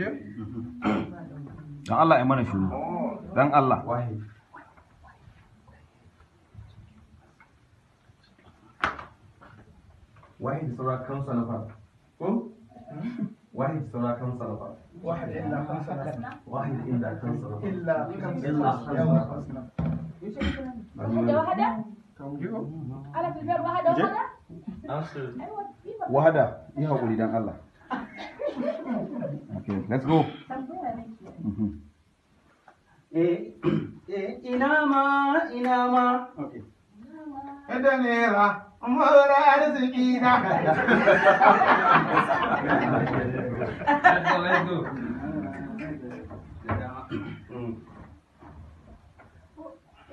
dan Allah ya mana shiru dan Allah wahid saura kansa na fara ko wahid saura kansa na fara illa kansa na fara illa kansa na fara wahada wahada wahada wahada ya haƙuri dan Allah Okay, let's go. Mm-hmm. Eh, eh, inama, inama. Okay. Da naira, mura Let's go.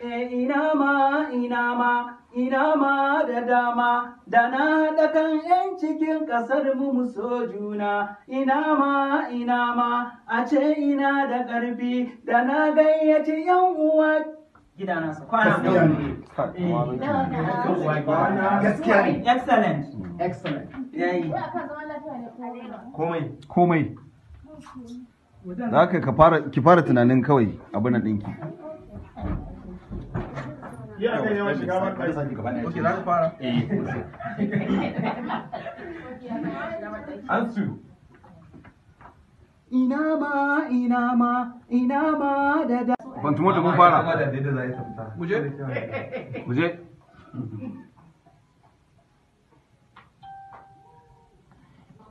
Inama, inama. ina ma da dama da na da kan yan cikin kasar mu so juna ina ma ina ma a ce ina da ƙarfi da na gayyaci yan uwa gidana su kwana gaskiya ne excellent excellent yayi komai komai za ka ki fara tunanin kawai abin nan ɗinki ansu ina ma ina ma ina ma da da ban tumo da mun fara muje muje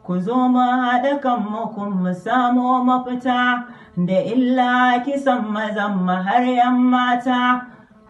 ku zo mu haɗa kanmu kun mu samo mafita da illa kisan mazan har 'yan mata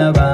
Alabama.